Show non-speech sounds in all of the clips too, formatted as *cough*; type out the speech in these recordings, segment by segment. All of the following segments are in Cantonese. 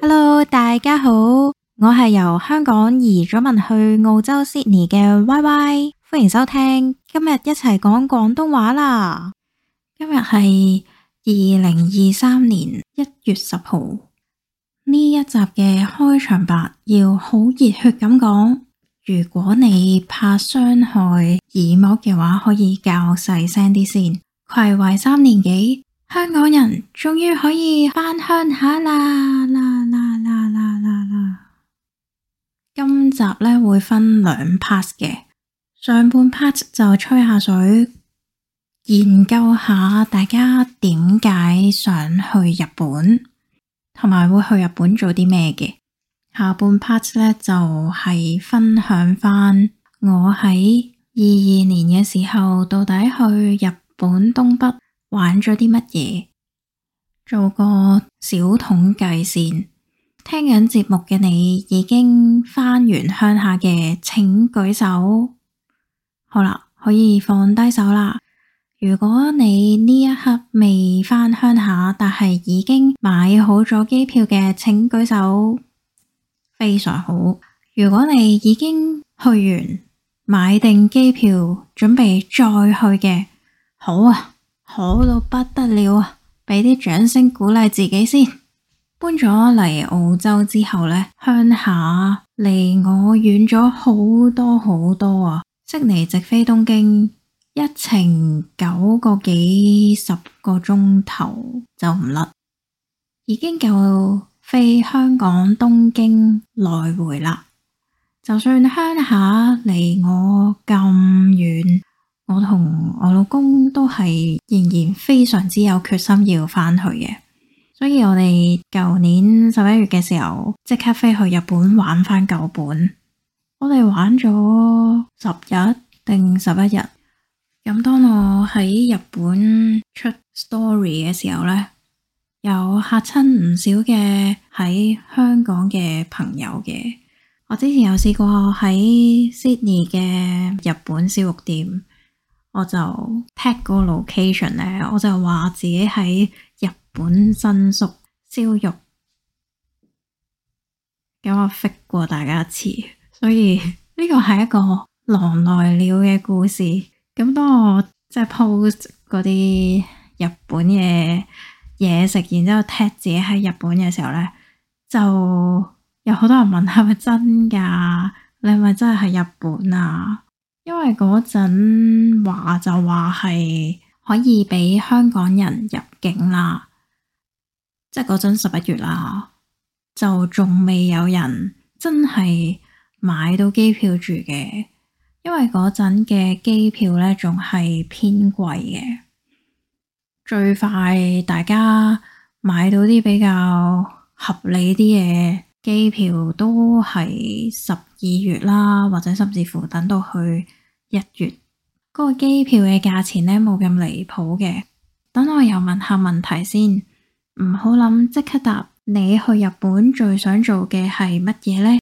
Hello，大家好，我係由香港移咗民去澳洲 Sydney 嘅 Y Y，歡迎收聽，今日一齊講廣東話啦。今日係二零二三年一月十號，呢一集嘅開場白要好熱血咁講。如果你怕傷害耳膜嘅話，可以較細聲啲先。暌違三年幾，香港人終於可以返鄉下啦啦啦啦啦啦啦！今集咧會分兩 part 嘅，上半 part 就吹下水，研究下大家點解想去日本，同埋會去日本做啲咩嘅。下半 part 咧，就係分享翻我喺二二年嘅時候到底去日本東北玩咗啲乜嘢，做個小統計先。聽緊節目嘅你已經返完鄉下嘅，請舉手。好啦，可以放低手啦。如果你呢一刻未返鄉下，但係已經買好咗機票嘅，請舉手。非常好，如果你已經去完買定機票，準備再去嘅，好啊，好到不得了啊！俾啲掌聲鼓勵自己先。搬咗嚟澳洲之後呢，鄉下離我遠咗好多好多啊！悉尼直飛東京一程九個幾十個鐘頭就唔甩，已經夠。飛香港東京來回啦，就算鄉下離我咁遠，我同我老公都係仍然非常之有決心要返去嘅，所以我哋舊年十一月嘅時候即刻飛去日本玩返舊本，我哋玩咗十日定十一日，咁當我喺日本出 story 嘅時候呢。有嚇親唔少嘅喺香港嘅朋友嘅。我之前有試過喺 Sydney 嘅日本燒肉店，我就 tag 個 location 咧，我就話自己喺日本新宿燒肉，咁我 fit 過大家一次，所以呢個係一個狼來了嘅故事。咁當我即係 post 嗰啲日本嘅。嘢食，然之後踢自己喺日本嘅時候呢，就有好多人問，係咪真噶？你係咪真係喺日本啊？因為嗰陣話就話係可以俾香港人入境啦，即係嗰陣十一月啦，就仲未有人真係買到機票住嘅，因為嗰陣嘅機票呢，仲係偏貴嘅。最快大家買到啲比較合理啲嘅機票都係十二月啦，或者甚至乎等到去一月，嗰個機票嘅價錢呢，冇咁離譜嘅。等我又問下問題先，唔好諗，即刻答你，去日本最想做嘅係乜嘢呢？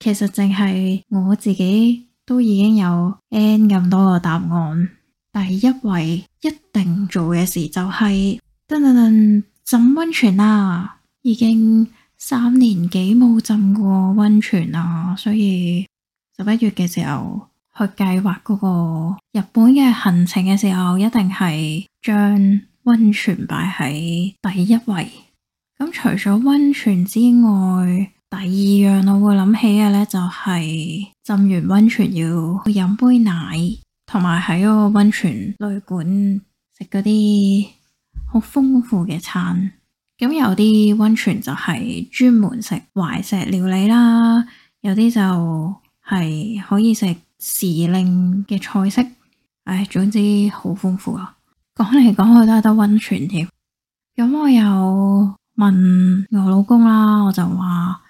其實淨係我自己都已經有 n 咁多個答案。第一位一定做嘅事就係、噔噔噔，浸溫泉啦！已經三年幾冇浸過溫泉啦，所以十一月嘅時候去計劃嗰個日本嘅行程嘅時候，一定係將溫泉擺喺第一位。咁除咗溫泉之外，第二樣我會諗起嘅呢，就係、是、浸完溫泉要去飲杯奶。同埋喺嗰個温泉旅館食嗰啲好豐富嘅餐，咁有啲温泉就係專門食懷石料理啦，有啲就係可以食時令嘅菜式，唉、哎，總之好豐富啊！講嚟講去都係得温泉添。咁我又問我老公啦，我就話：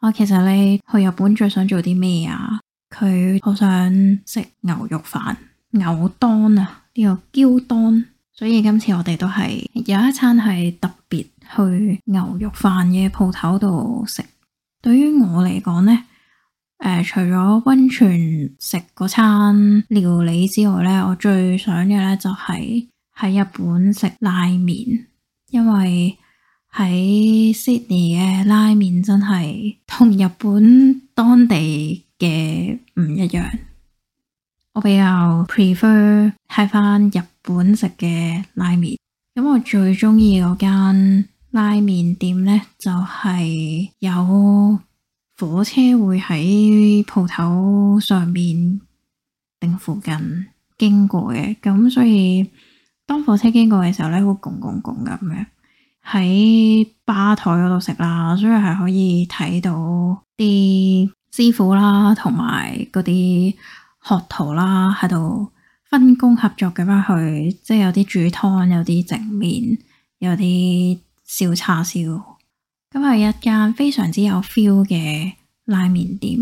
我、啊、其實你去日本最想做啲咩啊？佢好想食牛肉飯、牛當啊呢、這個膠當，所以今次我哋都係有一餐係特別去牛肉飯嘅鋪頭度食。對於我嚟講呢，誒、呃，除咗溫泉食嗰餐料理之外呢，我最想嘅呢就係喺日本食拉麵，因為喺 Sydney 嘅拉麵真係同日本當地。嘅唔一樣，我比較 prefer 喺翻日本食嘅拉麵，咁我最中意嗰間拉麵店咧，就係有火車會喺鋪頭上面定附近經過嘅，咁所以當火車經過嘅時候咧，會拱拱拱咁樣喺吧台嗰度食啦，所以係可以睇到啲，師傅啦，同埋嗰啲學徒啦，喺度分工合作咁樣去，即係有啲煮湯，有啲整麵，有啲燒叉燒，咁係一間非常之有 feel 嘅拉麵店。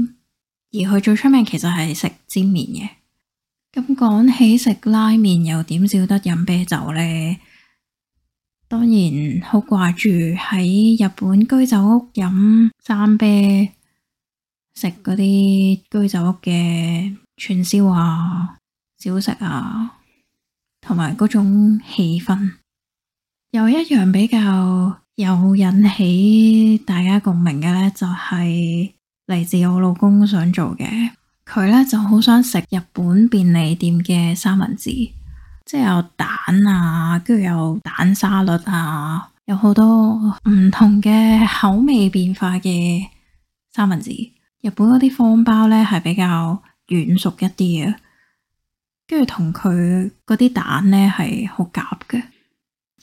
而佢最出名其實係食煎麵嘅。咁講起食拉麵，又點少得飲啤酒呢？當然，好掛住喺日本居酒屋飲生啤。食嗰啲居酒屋嘅串燒啊、小食啊，同埋嗰種氣氛。有一樣比較有引起大家共鳴嘅呢，就係嚟自我老公想做嘅。佢呢就好想食日本便利店嘅三文治，即係有蛋啊，跟住有蛋沙律啊，有好多唔同嘅口味變化嘅三文治。日本嗰啲方包呢，係比較軟熟一啲嘅，跟住，同佢嗰啲蛋呢，係好夾嘅。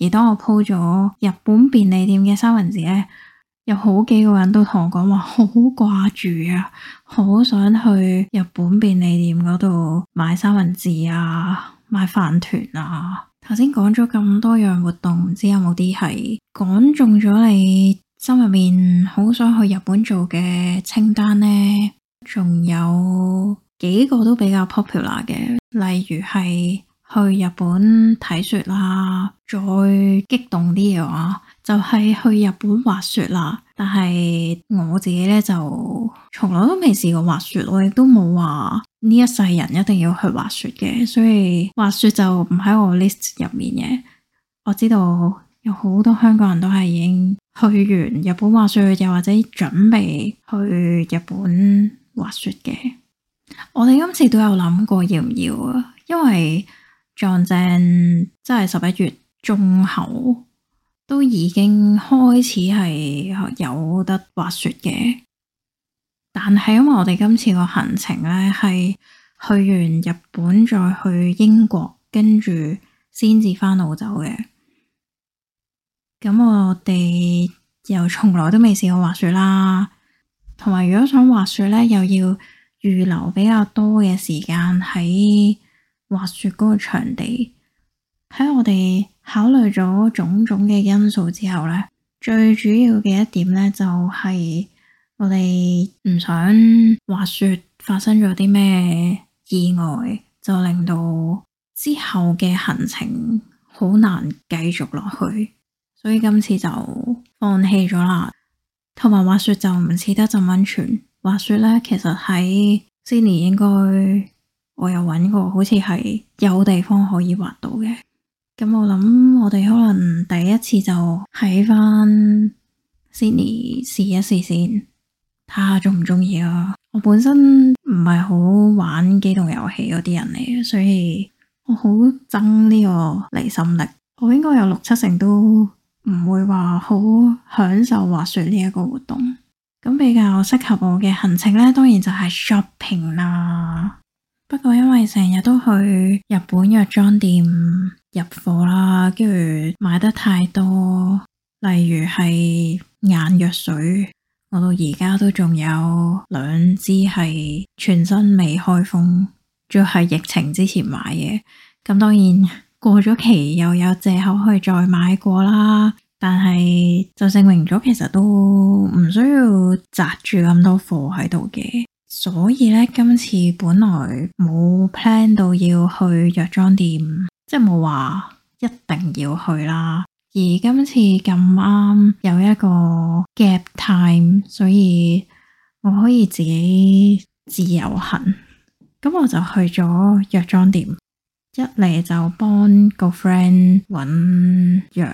而當我 po 咗日本便利店嘅三文治呢，有好幾個人都同我講話好掛住啊，好想去日本便利店嗰度買三文治啊，買飯團啊。頭先講咗咁多樣活動，唔知有冇啲係講中咗你？心入面好想去日本做嘅清單呢，仲有幾個都比較 popular 嘅，例如係去日本睇雪啦，再激動啲嘅話就係去日本滑雪啦。但係我自己呢，就從來都未試過滑雪，我亦都冇話呢一世人一定要去滑雪嘅，所以滑雪就唔喺我 list 入面嘅。我知道有好多香港人都係已經。去完日本滑雪，又或者準備去日本滑雪嘅，我哋今次都有諗過要唔要啊？因為撞正真係十一月中後都已經開始係有得滑雪嘅，但係因為我哋今次個行程咧，係去完日本再去英國，跟住先至翻澳洲嘅。咁我哋又從來都未試過滑雪啦，同埋如果想滑雪呢，又要預留比較多嘅時間喺滑雪嗰個場地。喺我哋考慮咗種種嘅因素之後呢，最主要嘅一點呢，就係我哋唔想滑雪發生咗啲咩意外，就令到之後嘅行程好難繼續落去。所以今次就放棄咗啦。同埋滑雪就唔似得浸溫泉。滑雪呢，其實喺 Sydney 應該我有搵過，好似係有地方可以滑到嘅。咁我諗我哋可能第一次就喺返 Sydney 試一試先，睇下鍾唔鍾意啊。我本身唔係好玩機動遊戲嗰啲人嚟嘅，所以我好憎呢個離心力。我應該有六七成都。唔會話好享受滑雪呢一個活動，咁比較適合我嘅行程呢，當然就係 shopping 啦。不過因為成日都去日本藥妝店入貨啦，跟住買得太多，例如係眼藥水，我到而家都仲有兩支係全新未開封，仲要係疫情之前買嘅，咁當然。過咗期又有借口去再買過啦，但係就證明咗其實都唔需要紮住咁多貨喺度嘅，所以呢，今次本來冇 plan 到要去藥妝店，即係冇話一定要去啦。而今次咁啱有一個 gap time，所以我可以自己自由行，咁我就去咗藥妝店。一嚟就幫個 friend 搵藥，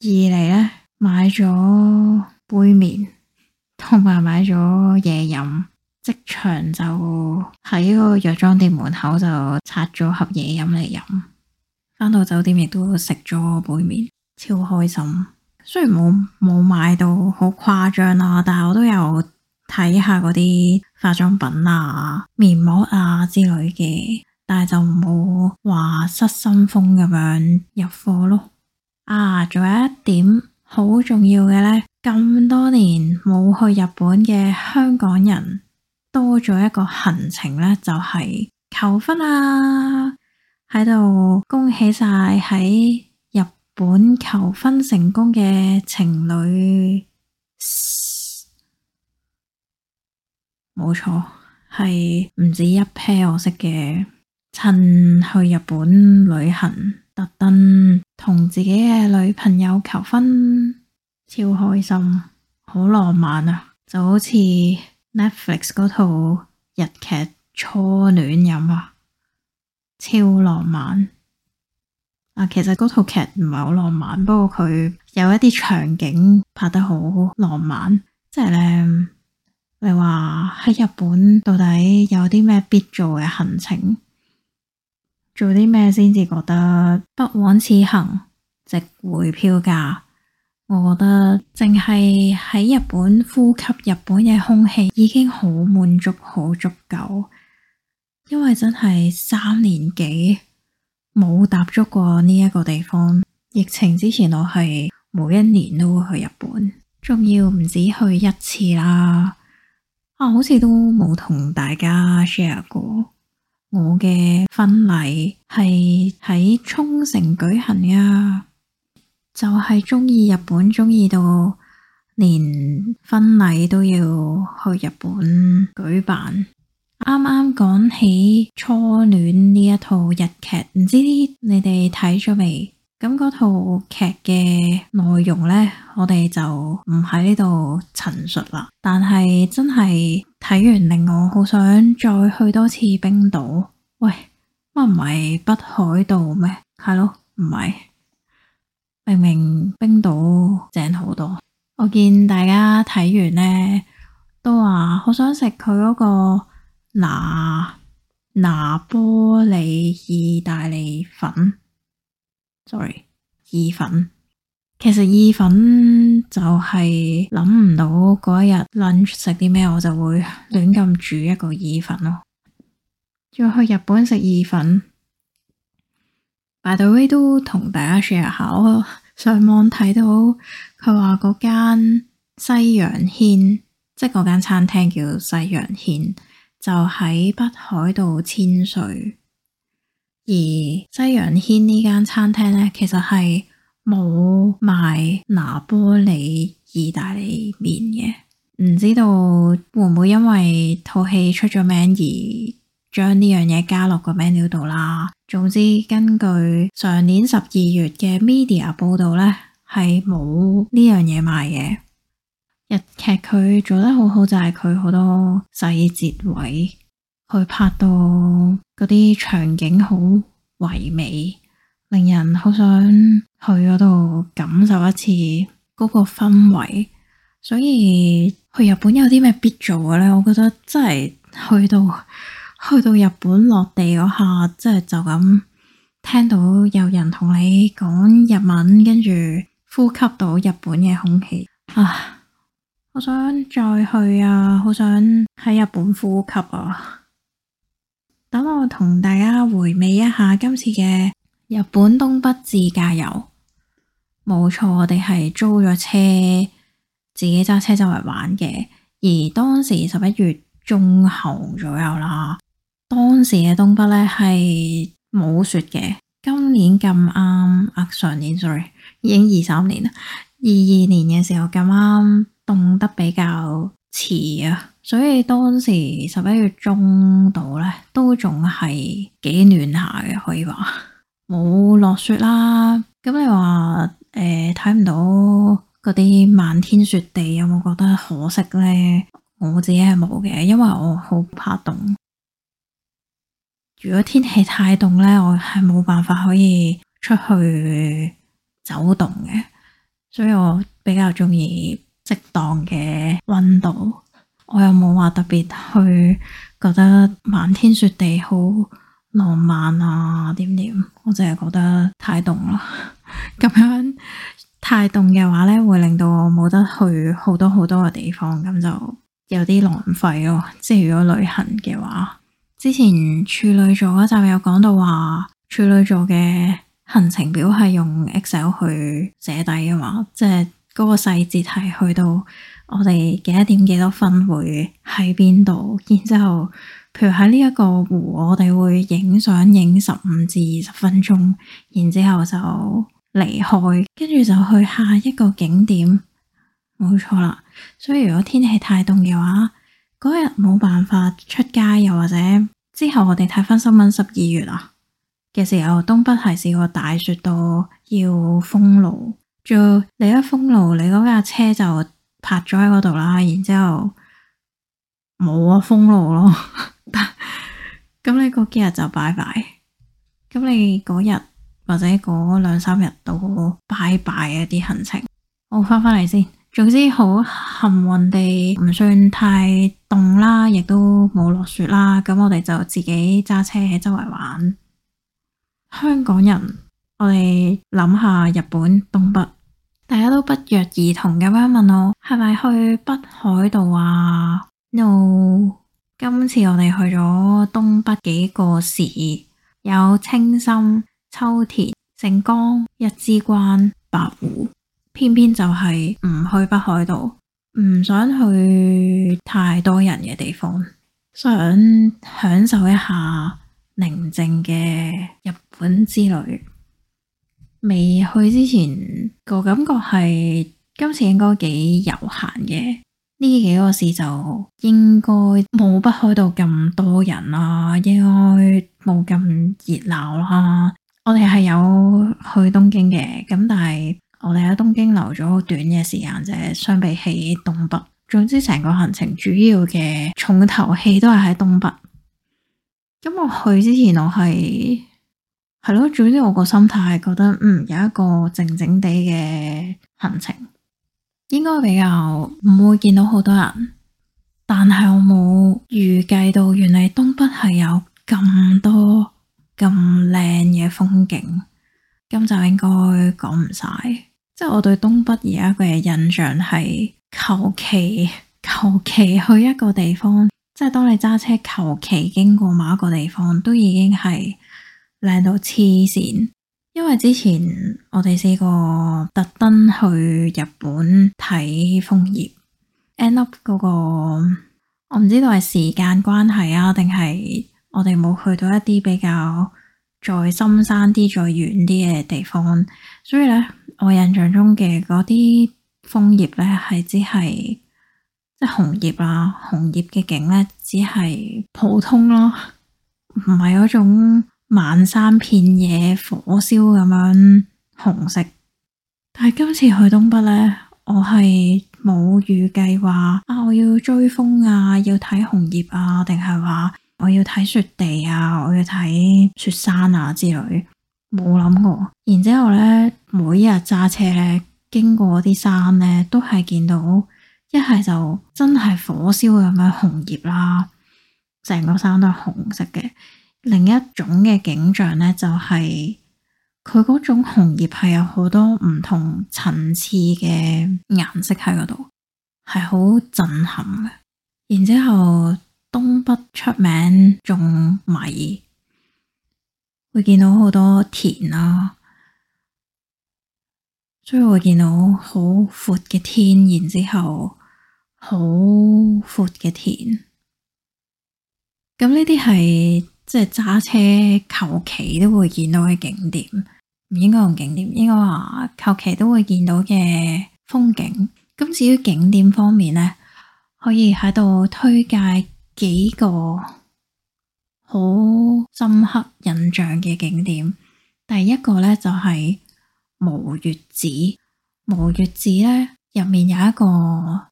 二嚟呢買咗杯麵，同埋買咗嘢飲。即場就喺個藥妝店門口就拆咗盒嘢飲嚟飲，返到酒店亦都食咗杯麵，超開心。雖然冇冇買到好誇張啦，但係我都有睇下嗰啲化妝品啊、面膜啊之類嘅。但係就冇話失心瘋咁樣入貨咯。啊，仲有一點好重要嘅呢。咁多年冇去日本嘅香港人，多咗一個行程呢，就係求婚啊。喺度恭喜晒喺日本求婚成功嘅情侶。冇錯，係唔止一 pair 我識嘅。趁去日本旅行，特登同自己嘅女朋友求婚，超開心，好浪漫啊！就好似 Netflix 嗰套日劇《初戀》咁啊，超浪漫。啊，其實嗰套劇唔係好浪漫，不過佢有一啲場景拍得好浪漫，即係咧，你話喺日本到底有啲咩必做嘅行程？做啲咩先至覺得不枉此行，值回票價？我覺得淨係喺日本呼吸日本嘅空氣已經好滿足，好足夠。因為真係三年幾冇踏足過呢一個地方，疫情之前我係每一年都會去日本，仲要唔止去一次啦。啊，好似都冇同大家 share 過。我嘅婚禮係喺沖繩舉行呀，就係中意日本，中意到連婚禮都要去日本舉辦。啱啱講起初戀呢一套日劇，唔知你哋睇咗未？咁嗰套劇嘅內容呢，我哋就唔喺呢度陳述啦。但係真係。睇完令我好想再去多次冰島。喂，乜唔係北海道咩？係咯，唔係，明明冰島正好多。我見大家睇完呢，都話好想食佢嗰個拿拿波利意大利粉。Sorry，意粉。其實意粉就係諗唔到嗰一日 lunch 食啲咩，我就會亂咁煮一個意粉咯。要去日本食意粉，by the way 都同大家 share 下。我上網睇到佢話嗰間西洋軒，即係嗰間餐廳叫西洋軒，就喺北海道千歲。而西洋軒呢間餐廳咧，其實係。冇賣拿波里意大利麵嘅，唔知道會唔會因為套戲出咗名而將呢樣嘢加落個 menu 度啦。總之，根據上年十二月嘅 media 報道呢係冇呢樣嘢賣嘅。日劇佢做得好好，就係佢好多細節位去拍到嗰啲場景好唯美，令人好想。去嗰度感受一次嗰個氛圍，所以去日本有啲咩必做嘅呢？我覺得真係去到去到日本落地嗰下，真係就咁聽到有人同你講日文，跟住呼吸到日本嘅空氣啊！我想再去啊，好想喺日本呼吸啊！等我同大家回味一下今次嘅日本東北自駕遊。冇錯，我哋係租咗車，自己揸車周圍玩嘅。而當時十一月中後左右啦，當時嘅東北呢係冇雪嘅。今年咁啱，啊上年 sorry，已經二三年啦，二二年嘅時候咁啱凍得比較遲啊，所以當時十一月中度呢都仲係幾暖下嘅，可以話冇落雪啦。咁你話？誒，睇唔、呃、到嗰啲漫天雪地，有冇覺得可惜呢？我自己係冇嘅，因為我好怕凍。如果天氣太凍呢，我係冇辦法可以出去走動嘅。所以我比較中意適當嘅温度。我又冇話特別去覺得漫天雪地好浪漫啊，點點？我淨係覺得太凍啦。咁樣太凍嘅話咧，會令到我冇得去好多好多嘅地方，咁就有啲浪費咯。即係如果旅行嘅話，之前處女座嗰集有講到話，處女座嘅行程表係用 Excel 去寫底嘅嘛，即係嗰個細節係去到我哋幾多點幾多分會喺邊度，然之後，譬如喺呢一個湖，我哋會影相影十五至二十分鐘，然之後就。離開，跟住就去下一個景點，冇錯啦。所以如果天氣太凍嘅話，嗰日冇辦法出街，又或者之後我哋睇翻新聞，十二月啊嘅時候，東北係試過大雪到要封路，仲你一封路，你嗰架車就泊咗喺嗰度啦，然之後冇啊封路咯，咁 *laughs* 你嗰幾日就拜拜，咁你嗰日。或者嗰兩三日到拜拜一、啊、啲行程，我翻返嚟先。總之好幸運地，唔算太凍啦，亦都冇落雪啦。咁我哋就自己揸車喺周圍玩。香港人，我哋諗下日本東北，大家都不約而同咁樣問我，係咪去北海道啊？No，今次我哋去咗東北幾個市，有青森。秋田、盛岡、一之關、白湖，偏偏就係唔去北海道，唔想去太多人嘅地方，想享受一下寧靜嘅日本之旅。未去之前，那個感覺係今次應該幾悠閒嘅，呢幾個市就應該冇北海道咁多人啦，應該冇咁熱鬧啦。我哋係有去東京嘅，咁但係我哋喺東京留咗好短嘅時間，啫。相比起東北。總之成個行程主要嘅重頭戲都係喺東北。咁我去之前我，我係係咯，總之我個心態係覺得，嗯，有一個靜靜地嘅行程，應該比較唔會見到好多人。但係我冇預計到，原嚟東北係有咁多。咁靚嘅風景，今集應該講唔晒。即係我對東北而家嘅印象係，求其求其去一個地方，即係當你揸車求其經過某一個地方，都已經係靚到黐線。因為之前我哋試過特登去日本睇楓葉，end up 嗰個，我唔知道係時間關係啊，定係。我哋冇去到一啲比較再深山啲、再遠啲嘅地方，所以呢，我印象中嘅嗰啲楓葉呢，係只係即係紅葉啊，紅葉嘅景呢，只係普通咯，唔係嗰種漫山遍野火燒咁樣紅色。但係今次去東北呢，我係冇預計話啊，我要追楓啊，要睇紅葉啊，定係話。我要睇雪地啊，我要睇雪山啊之類，冇諗過。然之後咧，每一日揸車咧，經過啲山呢，都係見到一係就真係火燒咁樣紅葉啦，成個山都係紅色嘅。另一種嘅景象呢，就係佢嗰種紅葉係有好多唔同層次嘅顏色喺嗰度，係好震撼嘅。然之後。東北出名種米，會見到好多田啦，所以會見到好闊嘅天，然之後好闊嘅田。咁呢啲係即係揸車求其都會見到嘅景點，唔應該用景點，應該話求其都會見到嘅風景。咁至於景點方面呢，可以喺度推介。幾個好深刻印象嘅景點，第一個呢，就係、是、毛越寺。毛越寺呢，入面有一個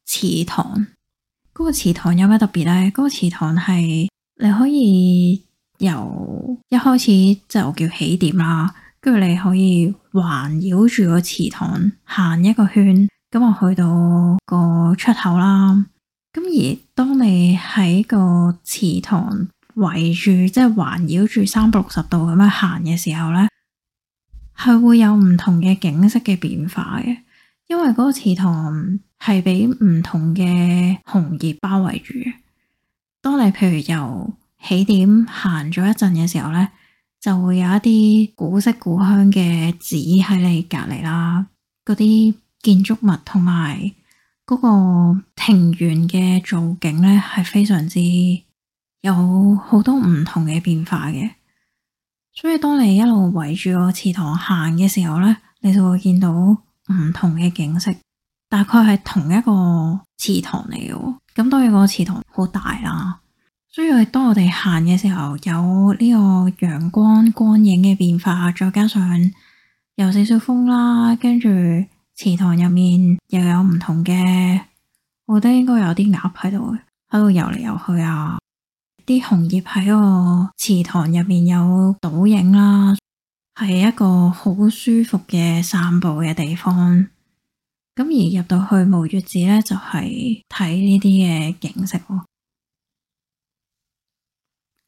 池塘，嗰、那個池塘有咩特別呢？嗰、那個池塘係你可以由一開始就是、叫起點啦，跟住你可以環繞住個池塘行一個圈，咁啊去到個出口啦。咁而當你喺個池塘圍住，即係環繞住三百六十度咁樣行嘅時候呢，係會有唔同嘅景色嘅變化嘅，因為嗰個池塘係被唔同嘅紅葉包圍住。當你譬如由起點行咗一陣嘅時候呢，就會有一啲古色古香嘅寺喺你隔籬啦，嗰啲建築物同埋。嗰個庭園嘅造景咧，係非常之有好多唔同嘅變化嘅。所以當你一路圍住個池塘行嘅時候咧，你就會見到唔同嘅景色。大概係同一個池塘嚟嘅，咁當然個池塘好大啦。所以當我哋行嘅時候，有呢個陽光光影嘅變化，再加上有少少風啦，跟住。池塘入面又有唔同嘅，我覺得應該有啲鴨喺度，喺度游嚟游去啊！啲紅葉喺個池塘入面有倒影啦，係一個好舒服嘅散步嘅地方。咁而入到去無月寺咧，就係睇呢啲嘅景色。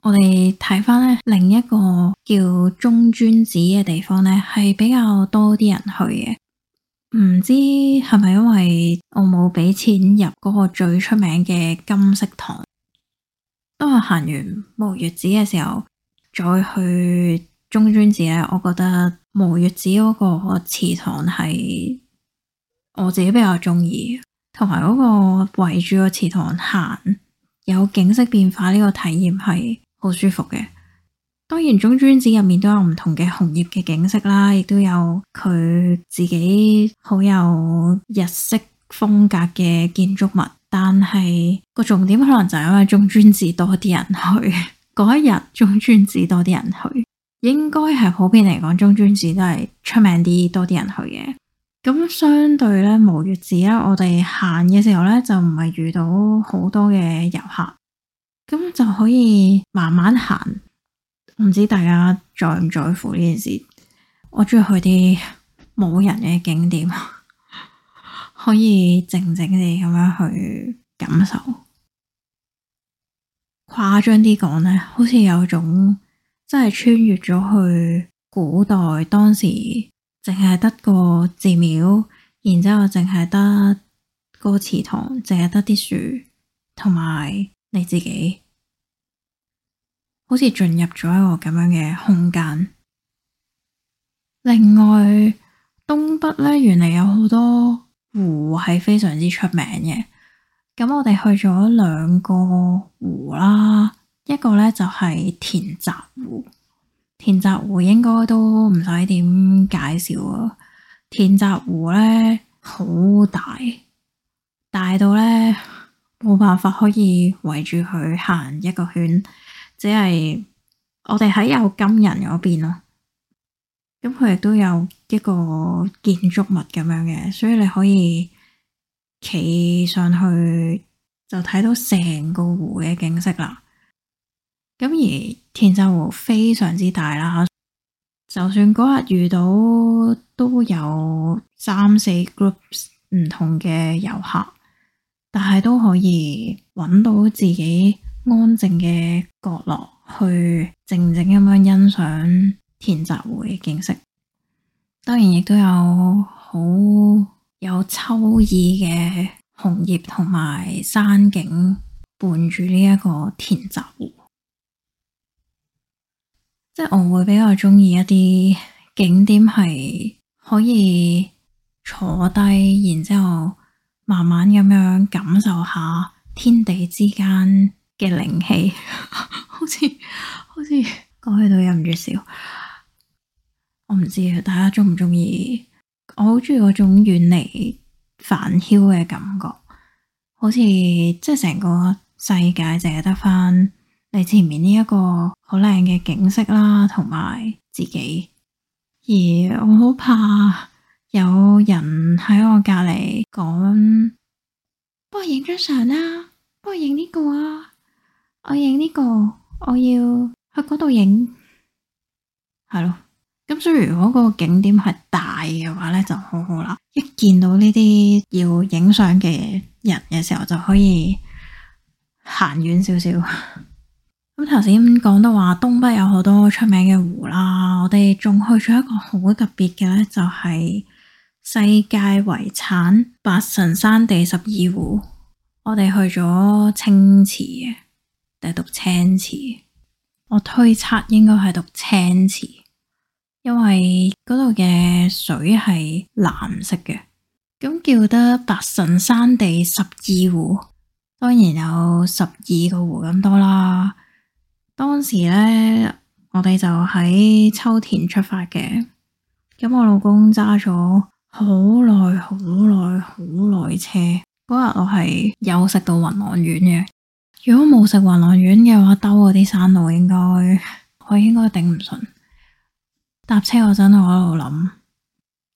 我哋睇翻咧另一個叫中尊寺嘅地方咧，係比較多啲人去嘅。唔知係咪因為我冇俾錢入嗰個最出名嘅金色堂，當我行完毛越寺嘅時候再去中尊寺咧。我覺得毛越寺嗰個祠堂係我自己比較中意，同埋嗰個圍住個祠堂行有景色變化呢個體驗係好舒服嘅。雖然中尊寺入面都有唔同嘅紅葉嘅景色啦，亦都有佢自己好有日式風格嘅建築物，但係個重點可能就係因為中尊寺多啲人去嗰 *laughs* 一日，中尊寺多啲人去，應該係普遍嚟講，中尊寺都係出名啲，多啲人去嘅。咁相對咧，毛越寺啦，我哋行嘅時候咧就唔係遇到好多嘅遊客，咁就可以慢慢行。唔知大家在唔在乎呢件事？我中意去啲冇人嘅景點， *laughs* 可以靜靜哋咁樣去感受。誇張啲講咧，好似有種真係穿越咗去古代，當時淨係得個寺廟，然之後淨係得個池塘，淨係得啲樹，同埋你自己。好似進入咗一個咁樣嘅空間。另外，東北咧，原嚟有好多湖係非常之出名嘅。咁我哋去咗兩個湖啦，一個咧就係田澤湖。田澤湖應該都唔使點介紹啊。田澤湖咧，好大，大到咧冇辦法可以圍住佢行一個圈。即係我哋喺有金人嗰邊咯，咁佢亦都有一個建築物咁樣嘅，所以你可以企上去就睇到成個湖嘅景色啦。咁而天山湖非常之大啦，就算嗰日遇到都有三四 groups 唔同嘅遊客，但係都可以搵到自己。安靜嘅角落，去靜靜咁樣欣賞田澤湖嘅景色。當然亦都有好有秋意嘅紅葉同埋山景伴住呢一個田澤湖。即係我會比較鍾意一啲景點係可以坐低，然之後慢慢咁樣感受下天地之間。嘅靈氣，好似好似講起都忍唔住笑。我唔知大家中唔中意？我好中意嗰種遠離繁囂嘅感覺，好似即係成個世界淨係得翻你前面呢一個好靚嘅景色啦，同埋自己。而我好怕有人喺我隔籬講，幫我影張相啦、啊，幫我影呢個啊！我影呢、這個，我要去嗰度影，係咯。咁所以如果嗰個景點係大嘅話呢，就好好啦。一見到呢啲要影相嘅人嘅時候，就可以行遠少少。咁頭先講到話東北有好多出名嘅湖啦，我哋仲去咗一個好特別嘅呢，就係、是、世界遺產白神山地十二湖。我哋去咗青池。係讀青池，我推測應該係讀青池，因為嗰度嘅水係藍色嘅，咁叫得白神山地十二湖，當然有十二個湖咁多啦。當時呢，我哋就喺秋田出發嘅，咁我老公揸咗好耐、好耐、好耐車，嗰日我係休息到雲朗縣嘅。如果冇食暈浪丸嘅話，兜嗰啲山路應該我應該頂唔順。搭車我真係我喺度諗，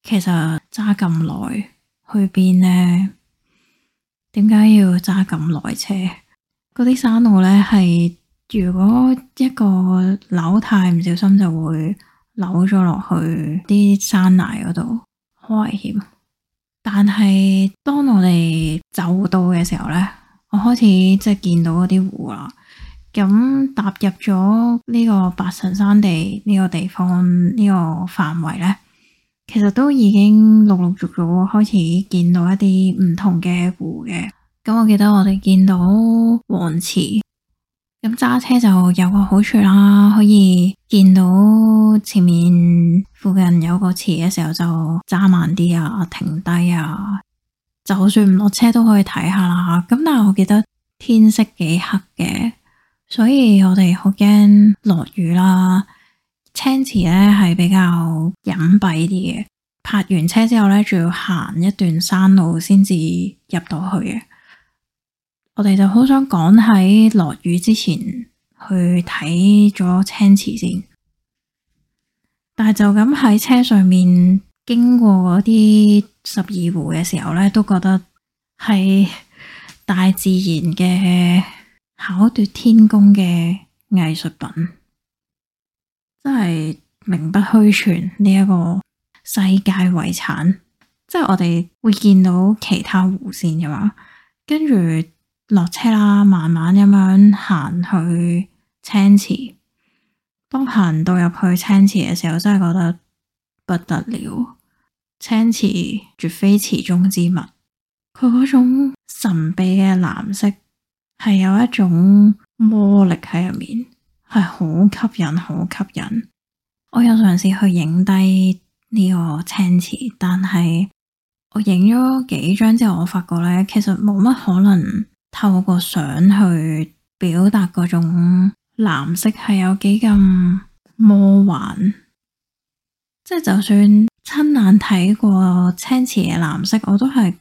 其實揸咁耐去邊呢？點解要揸咁耐車？嗰啲山路咧係，如果一個扭軚唔小心，就會扭咗落去啲山崖嗰度，好危險。但係當我哋走到嘅時候咧。我開始即係見到嗰啲湖啦，咁踏入咗呢個白神山地呢、呢個地方呢、呢個範圍呢，其實都已經陸陸續續開始見到一啲唔同嘅湖嘅。咁我記得我哋見到黃池，咁揸車就有個好處啦，可以見到前面附近有個池嘅時候就揸慢啲啊，停低啊。就算唔落車都可以睇下啦，咁但係我記得天色幾黑嘅，所以我哋好驚落雨啦。青池咧，係比較隱蔽啲嘅，泊完車之後咧，仲要行一段山路先至入到去嘅。我哋就好想趕喺落雨之前去睇咗青池先，但係就咁喺車上面。經過嗰啲十二湖嘅時候咧，都覺得係大自然嘅巧奪天工嘅藝術品，真係名不虛傳呢一個世界遺產。即係我哋會見到其他湖先嘅話，跟住落車啦，慢慢咁樣行去青池。當行到入去青池嘅時候，真係覺得不得了。青池絕非池中之物，佢嗰種神秘嘅藍色係有一種魔力喺入面，係好吸引，好吸引。我有嘗試去影低呢個青池，但係我影咗幾張之後，我發覺咧，其實冇乜可能透過相去表達嗰種藍色係有幾咁魔幻。即係，就算親眼睇過青池嘅藍色，我都係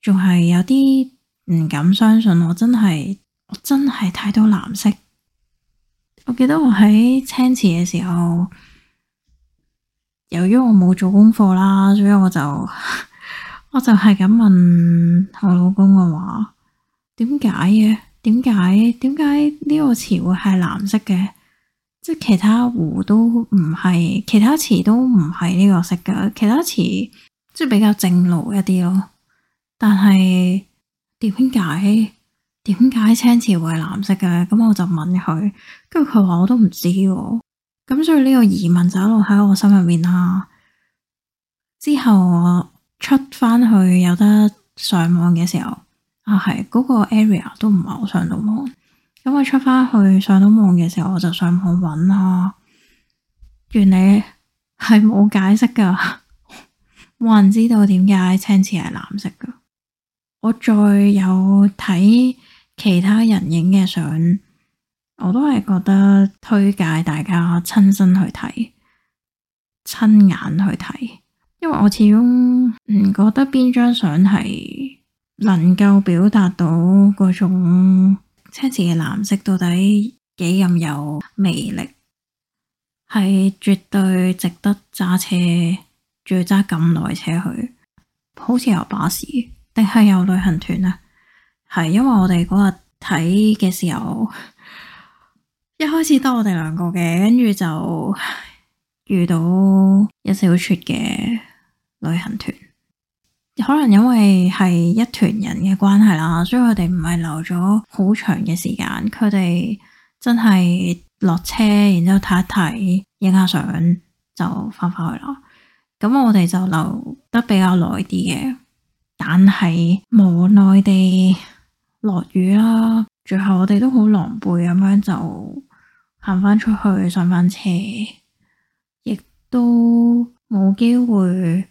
仲係有啲唔敢相信我。我真係，我真係睇到藍色。我記得我喺青池嘅時候，由於我冇做功課啦，所以我就 *laughs* 我就係咁問我老公嘅話：點解嘅？點解？點解呢個池會係藍色嘅？即係其他湖都唔係，其他池都唔係呢個色嘅，其他池即係、就是、比較正路一啲咯。但係點解點解青池會係藍色嘅？咁我就問佢，跟住佢話我都唔知。咁所以呢個疑問就一路喺我心入面啦。之後我出翻去有得上網嘅時候，啊係嗰、那個 area 都唔係好上到網。咁我出翻去上到網嘅時候，我就上網揾下。原嚟係冇解釋噶，冇 *laughs* 人知道點解青池係藍色噶。我再有睇其他人影嘅相，我都係覺得推介大家親身去睇，親眼去睇。因為我始終唔覺得邊張相係能夠表達到嗰種。青池嘅藍色到底幾咁有魅力？係絕對值得揸車，仲要揸咁耐車去，好似有巴士定係有旅行團啊？係因為我哋嗰日睇嘅時候，一開始得我哋兩個嘅，跟住就遇到一小撮嘅旅行團。可能因為係一團人嘅關係啦，所以佢哋唔係留咗好長嘅時間。佢哋真係落車，然之後睇一睇，影下相就翻返去啦。咁我哋就留得比較耐啲嘅，但係無奈地落雨啦，最後我哋都好狼狽咁樣就行翻出去，上翻車，亦都冇機會，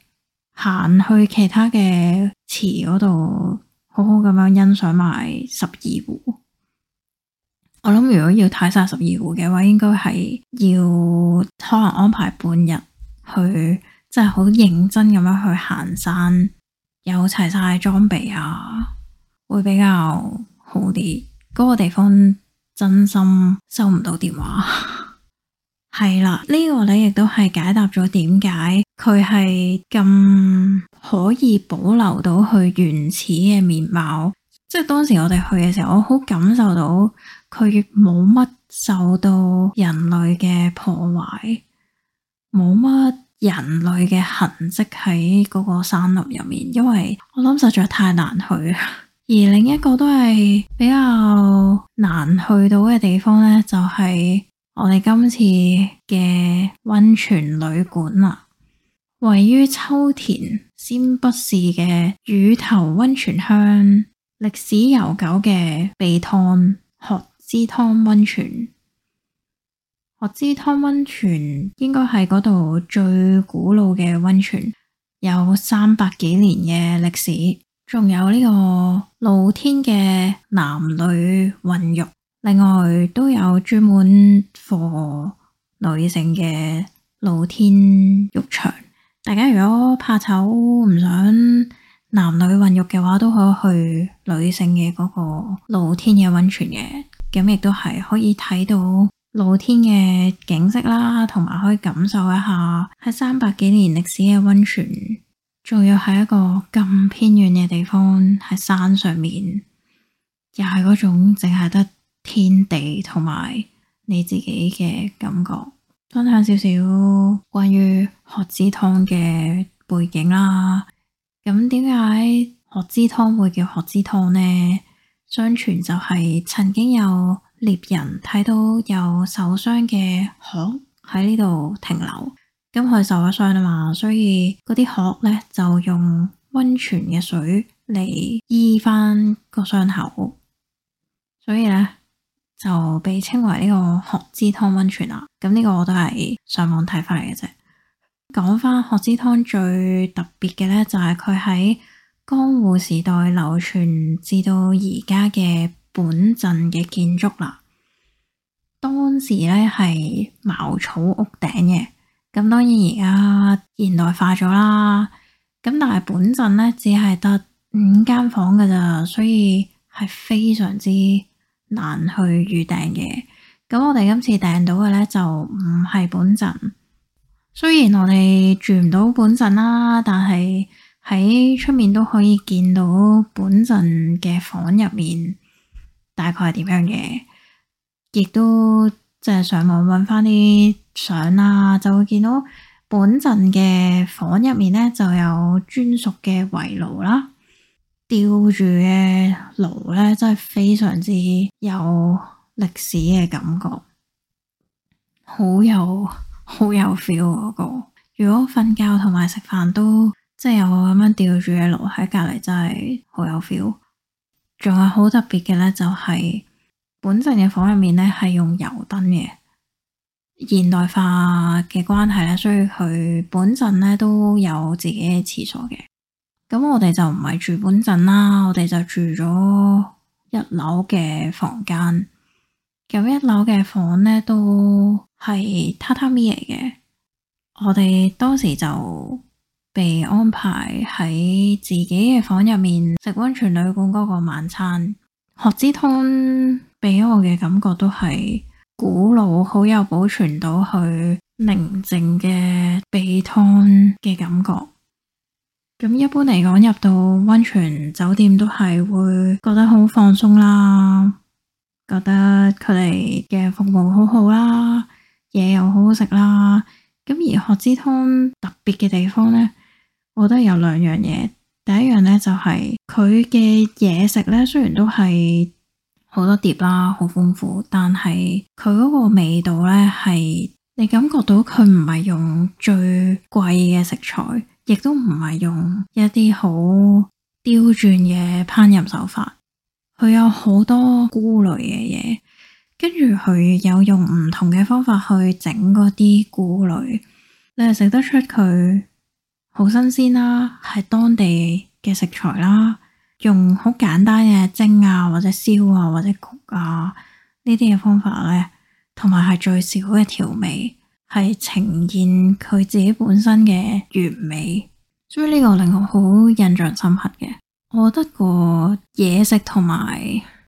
行去其他嘅池嗰度，好好咁樣欣賞埋十二湖。我諗如果要睇晒十二湖嘅話，應該係要可能安排半日去，即係好認真咁樣去行山，有齊晒裝備啊，會比較好啲。嗰、嗰個地方真心收唔到電話。係啦，這個、呢個咧亦都係解答咗點解佢係咁可以保留到佢原始嘅面貌。即係當時我哋去嘅時候，我好感受到佢冇乜受到人類嘅破壞，冇乜人類嘅痕跡喺嗰個山林入面。因為我諗實在太難去。而另一個都係比較難去到嘅地方呢，就係、是。我哋今次嘅溫泉旅館啦，位於秋田仙北市嘅乳頭溫泉鄉，歷史悠久嘅秘湯鶴之湯溫泉。鶴之湯溫泉應該係嗰度最古老嘅溫泉，有三百幾年嘅歷史。仲有呢個露天嘅男女混浴。另外都有專門課女性嘅露天浴場，大家如果怕醜唔想男女混浴嘅話，都可以去女性嘅嗰個露天嘅溫泉嘅，咁亦都係可以睇到露天嘅景色啦，同埋可以感受一下喺三百幾年歷史嘅溫泉，仲要喺一個咁偏遠嘅地方喺山上面，又係嗰種淨係得。天地同埋你自己嘅感覺，分享少少關於鶴之湯嘅背景啦。咁點解鶴之湯會叫鶴之湯呢？相傳就係曾經有獵人睇到有受傷嘅鶴喺呢度停留，咁佢受咗傷啊嘛，所以嗰啲鶴咧就用溫泉嘅水嚟醫翻個傷口，所以咧。就被稱為呢個鶴之湯溫泉啦，咁呢個我都係上網睇翻嚟嘅啫。講翻鶴之湯最特別嘅，呢就係佢喺江戶時代流傳至到而家嘅本陣嘅建築啦。當時呢係茅草屋頂嘅，咁當然而家現代化咗啦。咁但係本陣呢，只係得五間房㗎咋，所以係非常之。難去預訂嘅，咁我哋今次訂到嘅咧就唔係本陣，雖然我哋住唔到本陣啦，但係喺出面都可以見到本陣嘅房入面大概係點樣嘅，亦都即係上網搵返啲相啦，就會見到本陣嘅房入面咧就有專屬嘅圍爐啦。吊住嘅爐咧，真係非常之有歷史嘅感覺，好有好有 feel 嗰個。如果瞓覺同埋食飯都即係有咁樣吊住嘅爐喺隔籬，真係好有 feel。仲有好特別嘅咧，就係本陣嘅房入面咧係用油燈嘅，現代化嘅關係咧，所以佢本陣咧都有自己嘅廁所嘅。咁我哋就唔係住本陣啦，我哋就住咗一樓嘅房間。咁一樓嘅房咧都係榻榻米嚟嘅。我哋當時就被安排喺自己嘅房入面食温泉旅館嗰個晚餐。鶴之湯俾我嘅感覺都係古老，好有保存到佢寧靜嘅秘湯嘅感覺。咁一般嚟講，入到溫泉酒店都係會覺得好放鬆啦，覺得佢哋嘅服務好好啦，嘢又好好食啦。咁鶴之湯特別嘅地方呢，我覺得有兩樣嘢。第一樣呢，就係佢嘅嘢食呢，雖然都係好多碟啦，好豐富，但係佢嗰個味道呢，係你感覺到佢唔係用最貴嘅食材。亦都唔係用一啲好刁鑽嘅烹飪手法，佢有好多菇類嘅嘢，跟住佢有用唔同嘅方法去整嗰啲菇類，你係食得出佢好新鮮啦，係當地嘅食材啦，用好簡單嘅蒸啊，或者燒啊，或者焗啊，呢啲嘅方法呢，同埋係最少嘅調味。係呈現佢自己本身嘅完美，所以呢個令我好印象深刻嘅。我覺得個嘢食，同埋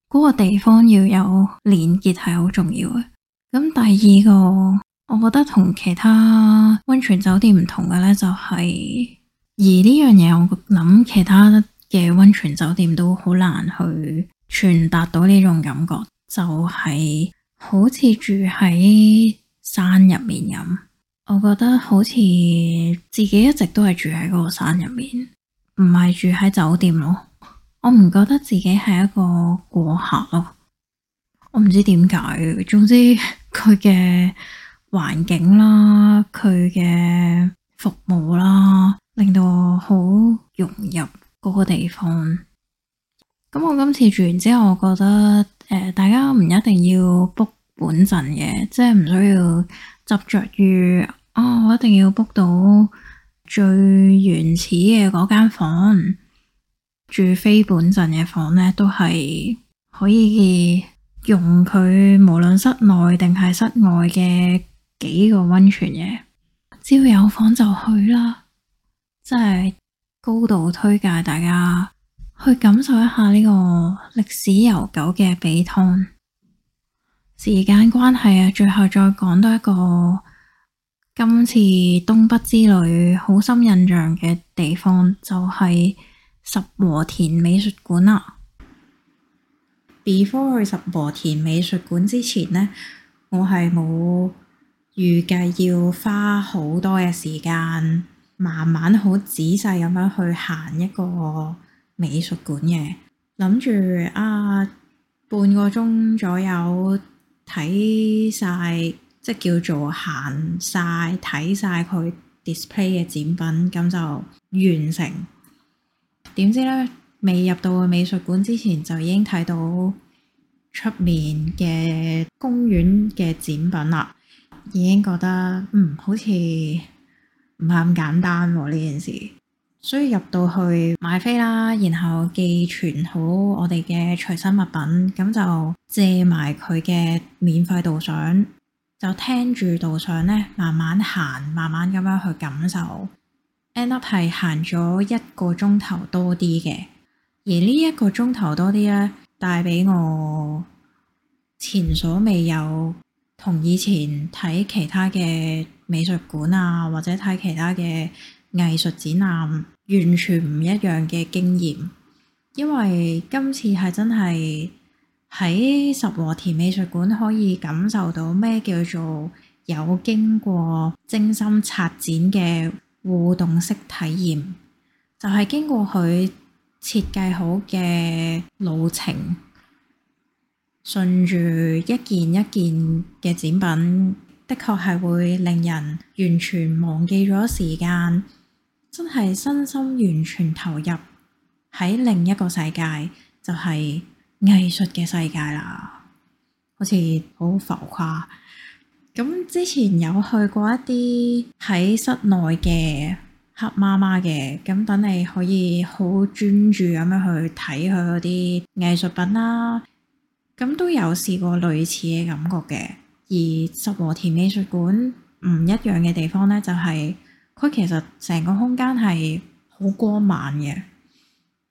嗰個地方要有連結係好重要嘅。咁第二個，我覺得同其他溫泉酒店唔同嘅呢，就係而呢樣嘢，我諗其他嘅溫泉酒店都好難去傳達到呢種感覺，就係好似住喺。山入面飲，我覺得好似自己一直都係住喺嗰個山入面，唔係住喺酒店咯。我唔覺得自己係一個過客咯。我唔知點解，總之佢嘅環境啦，佢嘅服務啦，令到我好融入嗰個地方。咁我今次住完之後，我覺得誒，大家唔一定要 book。本陣嘅，即係唔需要執着於啊，我一定要 book 到最原始嘅嗰間房住。非本陣嘅房呢，都係可以用佢，無論室內定係室外嘅幾個溫泉嘅，只要有房就去啦。真係高度推介大家去感受一下呢個歷史悠久嘅秘湯。時間關係啊，最後再講多一個今次東北之旅好深印象嘅地方，就係十和田美術館啦。Before 去十和田美術館之前呢，我係冇預計要花好多嘅時間，慢慢好仔細咁樣去行一個美術館嘅，諗住啊半個鐘左右。睇晒，即係叫做行晒，睇晒佢 display 嘅展品，咁就完成。點知呢？未入到個美術館之前，就已經睇到出面嘅公園嘅展品啦，已經覺得，嗯好似唔係咁簡單呢件事。所以入到去買飛啦，然後寄存好我哋嘅隨身物品，咁就借埋佢嘅免費導賞，就聽住導賞咧，慢慢行，慢慢咁樣去感受。end up 係行咗一個鐘頭多啲嘅，而呢一個鐘頭多啲咧，帶俾我前所未有，同以前睇其他嘅美術館啊，或者睇其他嘅藝術展覽，完全唔一樣嘅經驗，因為今次係真係喺十和田美術館可以感受到咩叫做有經過精心策展嘅互動式體驗，就係經過佢設計好嘅路程，順住一件一件嘅展品，的確係會令人完全忘記咗時間。真係身心完全投入喺另一個世界，就係藝術嘅世界啦，好似好浮誇。咁之前有去過一啲喺室內嘅黑媽媽嘅，咁等你可以好專注咁樣去睇佢嗰啲藝術品啦。咁都有試過類似嘅感覺嘅，而十和田美術館唔一樣嘅地方呢，就係、是。佢其實成個空間係好光猛嘅，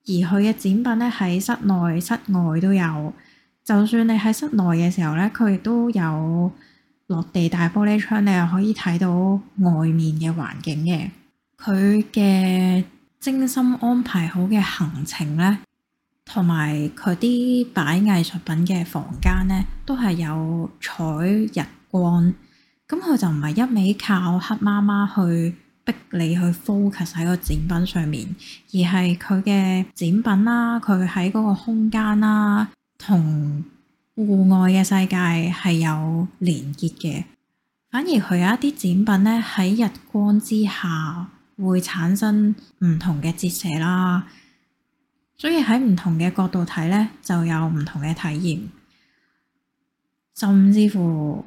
而佢嘅展品咧，喺室內、室外都有。就算你喺室內嘅時候咧，佢亦都有落地大玻璃窗，你又可以睇到外面嘅環境嘅。佢嘅精心安排好嘅行程咧，同埋佢啲擺藝術品嘅房間咧，都係有採日光。咁佢就唔係一味靠黑媽媽去。逼你去 focus 喺個展品上面，而係佢嘅展品啦，佢喺嗰個空間啦，同戶外嘅世界係有連結嘅。反而佢有一啲展品咧，喺日光之下會產生唔同嘅折射啦。所以喺唔同嘅角度睇咧，就有唔同嘅體驗，甚至乎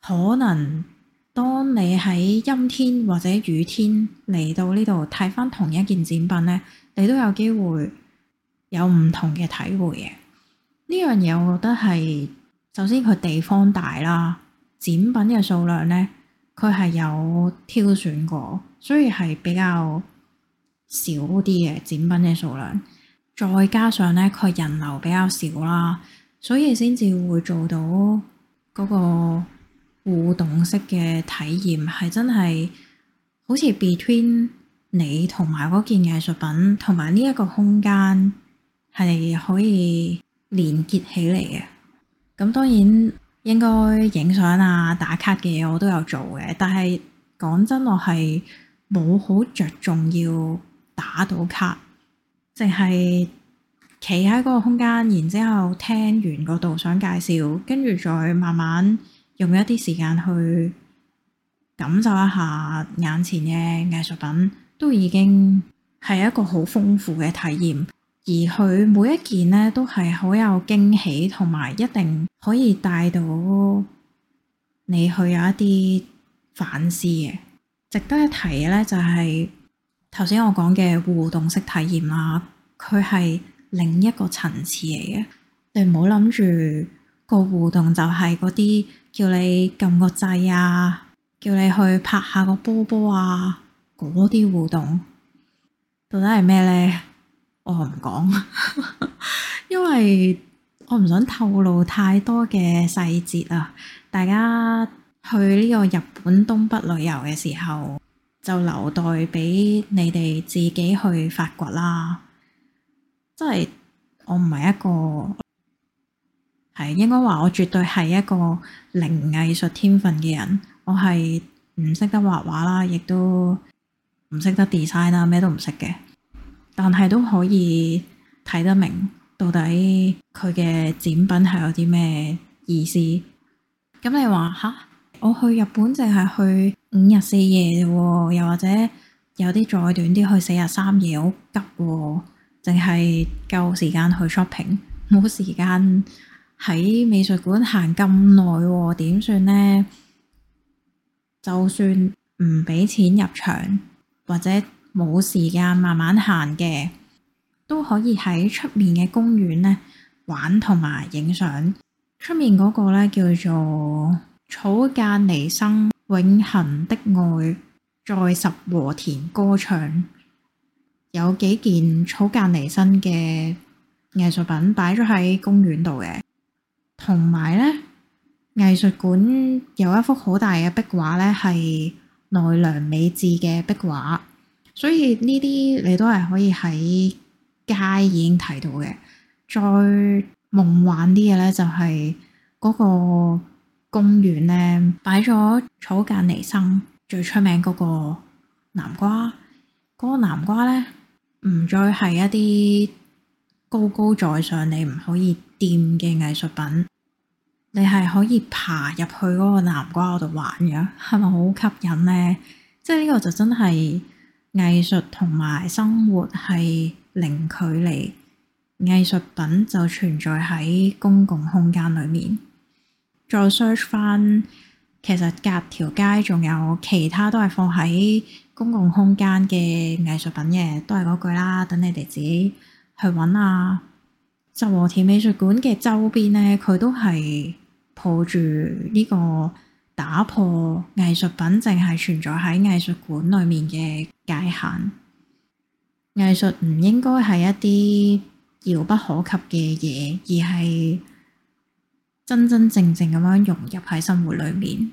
可能，當你喺陰天或者雨天嚟到呢度睇翻同一件展品呢，你都有機會有唔同嘅體會嘅。呢樣嘢我覺得係首先佢地方大啦，展品嘅數量呢，佢係有挑選過，所以係比較少啲嘅展品嘅數量。再加上呢，佢人流比較少啦，所以先至會做到嗰個。互動式嘅體驗係真係好似 between 你同埋嗰件藝術品同埋呢一個空間係可以連結起嚟嘅。咁當然應該影相啊、打卡嘅嘢我都有做嘅，但係講真，我係冇好着重要打到卡，淨係企喺嗰個空間，然之後聽完嗰個導賞介紹，跟住再慢慢，用一啲時間去感受一下眼前嘅藝術品，都已經係一個好豐富嘅體驗，而佢每一件呢，都係好有驚喜，同埋一定可以帶到你去有一啲反思嘅。值得一提嘅呢，就係頭先我講嘅互動式體驗啦，佢係另一個層次嚟嘅，你唔好諗住個互動就係嗰啲。叫你撳個掣啊！叫你去拍下個波波啊！嗰啲互動到底係咩呢？我唔講， *laughs* 因為我唔想透露太多嘅細節啊！大家去呢個日本東北旅遊嘅時候，就留待俾你哋自己去發掘啦。即係我唔係一個。係應該話我絕對係一個零藝術天分嘅人，我係唔識得畫畫啦，亦都唔識得 design 啦，咩都唔識嘅。但係都可以睇得明到底佢嘅展品係有啲咩意思。咁你話吓，我去日本淨係去五日四夜，又或者有啲再短啲去四日三夜，好急，淨係夠時間去 shopping，冇時間。喺美術館行咁耐喎，點算呢？就算唔俾錢入場，或者冇時間慢慢行嘅，都可以喺出面嘅公園咧玩同埋影相。出面嗰個咧叫做草間彌生《永恆的愛在十和田歌唱》，有幾件草間彌生嘅藝術品擺咗喺公園度嘅。同埋呢藝術館有一幅好大嘅壁畫呢，係奈良美智嘅壁畫，所以呢啲你都係可以喺街已經睇到嘅。再夢幻啲嘅呢，就係嗰個公園呢，擺咗草間彌生最出名嗰個南瓜。嗰個南瓜呢，唔再係一啲高高在上你唔可以掂嘅藝術品。你係可以爬入去嗰個南瓜度玩嘅，係咪好吸引呢？即係呢個就真係藝術同埋生活係零距離，藝術品就存在喺公共空間裏面。再 search 翻，其實隔條街仲有其他都係放喺公共空間嘅藝術品嘅，都係嗰句啦，等你哋自己去揾啊。十和田美術館嘅周邊呢，佢都係。抱住呢個打破藝術品淨係存在喺藝術館裏面嘅界限，藝術唔應該係一啲遙不可及嘅嘢，而係真真正正咁樣融入喺生活裏面。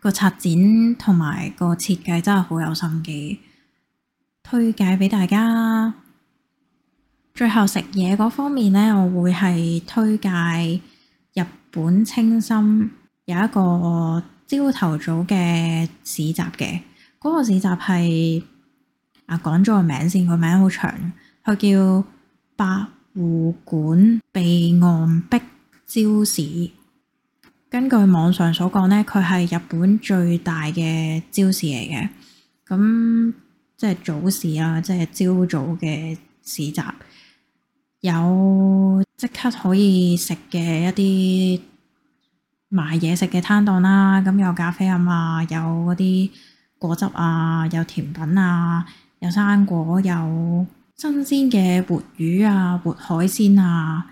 個策展同埋個設計真係好有心機，推介俾大家。最後食嘢嗰方面呢，我會係推介。本清心有一個朝頭早嘅市集嘅，嗰、那個市集係啊，講咗個名先，個名好長，佢叫八戶館鼻岸壁朝市。根據網上所講呢，佢係日本最大嘅朝市嚟嘅，咁即係早市啦，即係朝早嘅市集。有即刻可以食嘅一啲賣嘢食嘅攤檔啦，咁有咖啡啊，有嗰啲果汁啊，有甜品啊，有生果，有新鮮嘅活魚啊，活海鮮啊，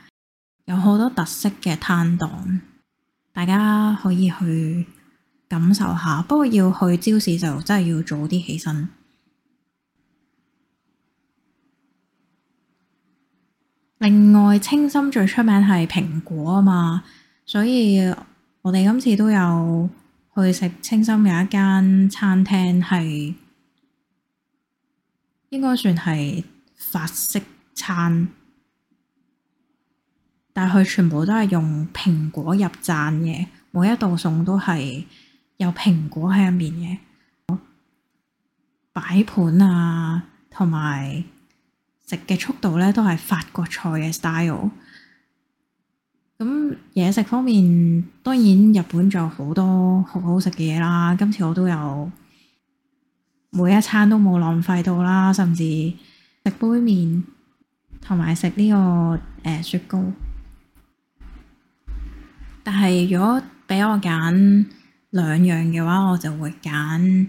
有好多特色嘅攤檔，大家可以去感受下。不過要去朝市就真係要早啲起身。另外，青森最出名係蘋果啊嘛，所以我哋今次都有去食青森，有一間餐廳，係應該算係法式餐，但佢全部都係用蘋果入饌嘅，每一道餸都係有蘋果喺入面嘅，擺盤啊，同埋。食嘅速度咧都係法國菜嘅 style。咁嘢食方面，當然日本仲有好多好多好好食嘅嘢啦。今次我都有每一餐都冇浪費到啦，甚至食杯麵同埋食呢個誒、呃、雪糕。但係如果俾我揀兩樣嘅話，我就會揀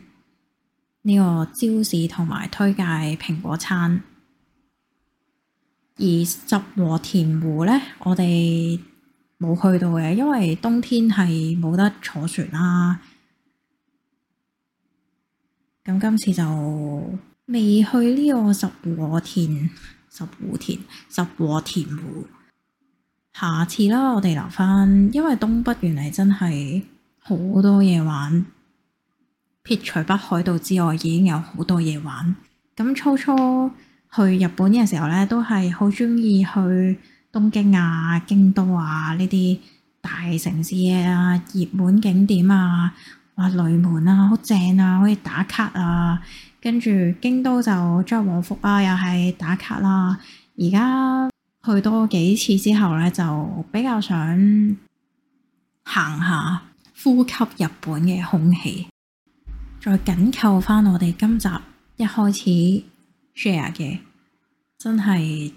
呢個朝市同埋推介蘋果餐。而十和田湖咧，我哋冇去到嘅，因為冬天係冇得坐船啦。咁今次就未去呢個十和田、十和田、十和田湖。下次啦，我哋留翻，因為東北原來真係好多嘢玩，撇除北海道之外，已經有好多嘢玩。咁初初。去日本嘅時候咧，都係好中意去東京啊、京都啊呢啲大城市嘅啊熱門景點啊，哇雷門啊好正啊，可以打卡啊。跟住京都就着和服啊，又係打卡啦。而家去多幾次之後咧，就比較想行下呼吸日本嘅空氣，再緊扣翻我哋今集一開始。share 嘅，真係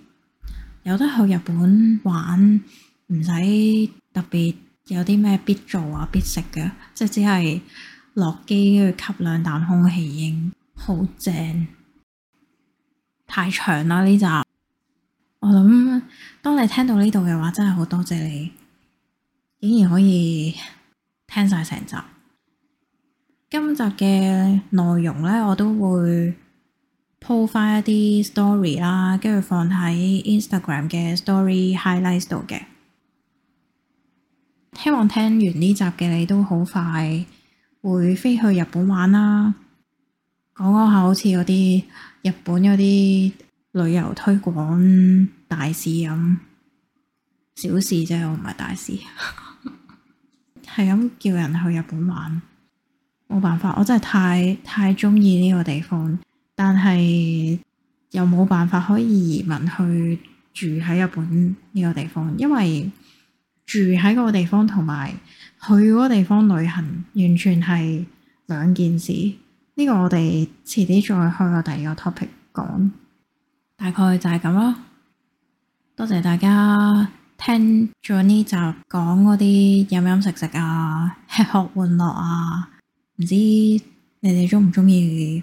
有得去日本玩，唔使特別有啲咩必做啊、必食嘅，即係只係落機去吸兩啖空氣已經好正。太長啦呢集，我諗當你聽到呢度嘅話，真係好多謝你，竟然可以聽晒成集。今集嘅內容咧，我都會。po 翻一啲 story 啦，跟住放喺 Instagram 嘅 story highlight 度嘅。希望聽完呢集嘅你都好快會飛去日本玩啦。講講下好似嗰啲日本嗰啲旅遊推廣大使咁，小事啫，我唔係大使，係 *laughs* 咁叫人去日本玩。冇辦法，我真係太太中意呢個地方。但係又冇辦法可以移民去住喺日本呢個地方，因為住喺個地方同埋去嗰個地方旅行完全係兩件事。呢個我哋遲啲再開個第二個 topic 講，大概就係咁咯。多謝大家聽咗呢集講嗰啲飲飲食食啊、吃喝玩樂啊，唔知你哋中唔中意？